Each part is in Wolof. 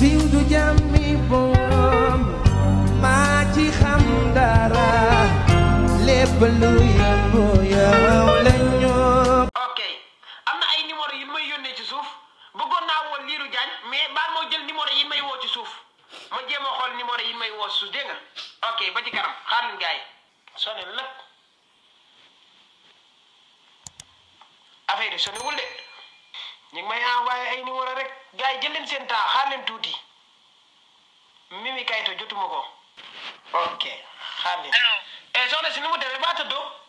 siiw du jàmmi boom maa ci xam dara lépp lu yëngu yow la ñoo. ok am na ay numéro yi may yónnee ci suuf bëggoon naa woo Lirou Diane mais baal moo jël numéro yi may woo ci suuf ma jéem a xool numéro yi may woo ci suuf dégg nga ok ba ci kanam xaar leen gars yi sonné na nag ñu ngi may envoyé ay numéro rek. gars yi jël leen seen temps xaar leen tuuti Mimi Kayto jotuma ko ok xaar leen. allo eh, si nu mu demee ba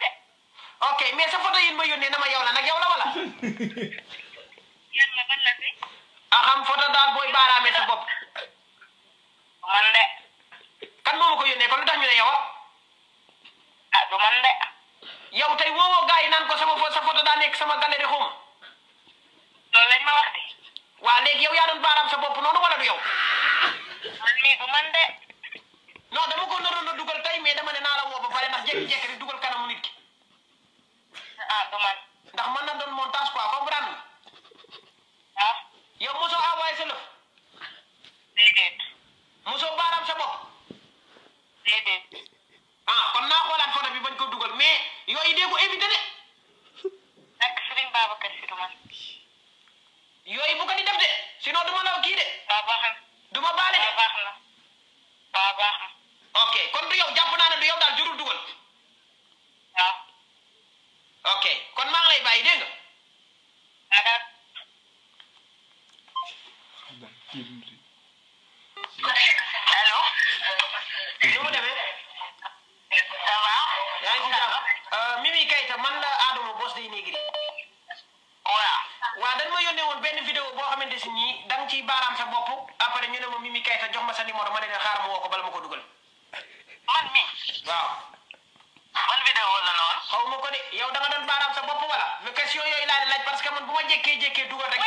nag de ok mais sa photo yin ma yónnee na ma yow la nag yow la wala. a ah, xam photo daal booy baaraamee sa bopp. man de. kan moo ma ko yónnee kon lu tax ñu ne yow ah du man de. yow yi naan ko sama sa photo daa nekk sama galerie xaw ma. de. waa léegi yow yaa doon baaraam sa bopp noonu wala du yow. man du man de. non dama ko naroon a dugal tey mais dama ne naa la woo ba pare ndax jékki-jékki rek dugal kanamu nit ki. ah dommage. ndax mën na doon montage quoi comprendre nga. ah. yow mosoo envoyé sa lëf. déedéet. mosoo baaraam sa bopp. ah kon naa xoolaat photo bi bañ ko dugal mais yooyu dee ko éviter de. ak Serigne Babacar si du man. yooyu bu ko di de sinon du ma la kii de. baik-baik dia enggak? Ada. Halo? Yo debe. Sawa? ini jidam. Eh, mimi kayta man la Adamo boss day nigri. Oya. Wa dan yang yonne won benn vidéo bo xamanteni ci baram sa bop après ñu ne mo mimi kayta jox ma sa numéro ma ne xaar mo woko bala mako duggal. ban vidéo la noonu. xaw ma ko de yow da nga doon baaraam sa bopp wala. question yooyu laa di laaj parce que man bu ma jékkee jékkee dugal rek.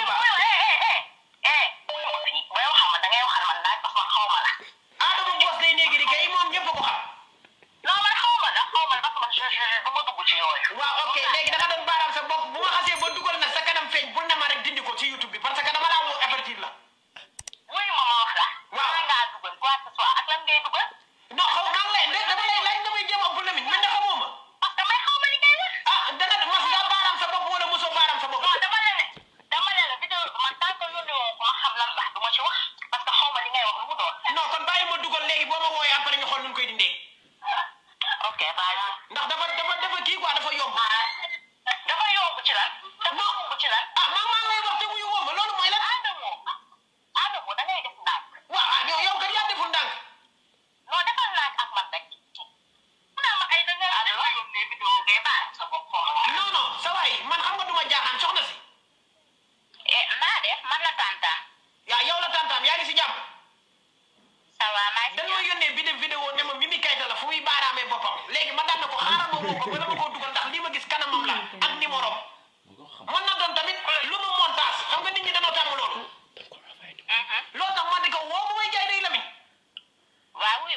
Igbo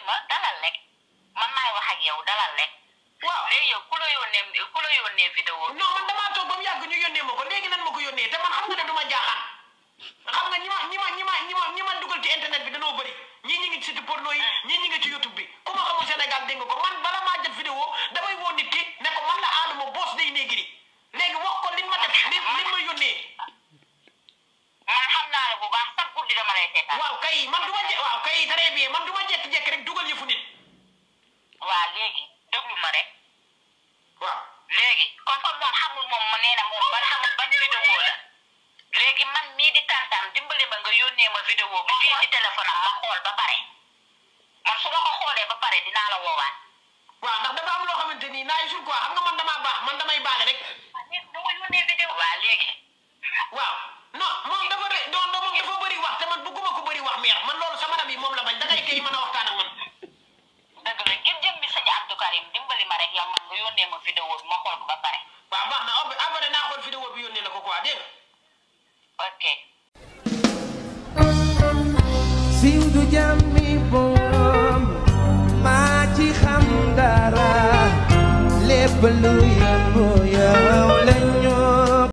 ni ma dalal rek man maay wax ak yow dalal rek. waaw léegi yow ku la yónnee ku la yónnee vidéo non man damaa toog yàgg ñu yónnee ma ko léegi nan ma ko yónnee te man xam nga ne du ma jaaxaan xam nga ñi ma ñi ma ñi ma ñi dugal ci internet bi danoo bëri ñii ñi ngi ci porno yi ñii ñi ngi ci YouTube bi ko ma xamul Sénégal dégg ko man bala maa jëf vidéo damay woo nit ki. ma vidéo bi fii ci téléphone am xool ba pare man su ma xoolee ba pare dinaa la woowaat. waaw ndax dafa am loo xamante ni naay sur quoi xam nga man damaa baax man damay baale rek. waaw léegi. waaw non moom dafa re non non moom dafa bëri wax te man bëgguma ko bëri wax meer man loolu sama rab yi moom la bañ dangay kay mën a waxtaan ak man. dëgg la ngir jëm mi sëñ Abdou Karim dimbali ma rek yow man nga ma vidéo bi xool ko ba pare. siiw du jàmmi boom maa ci xam dara lépp lu yàgg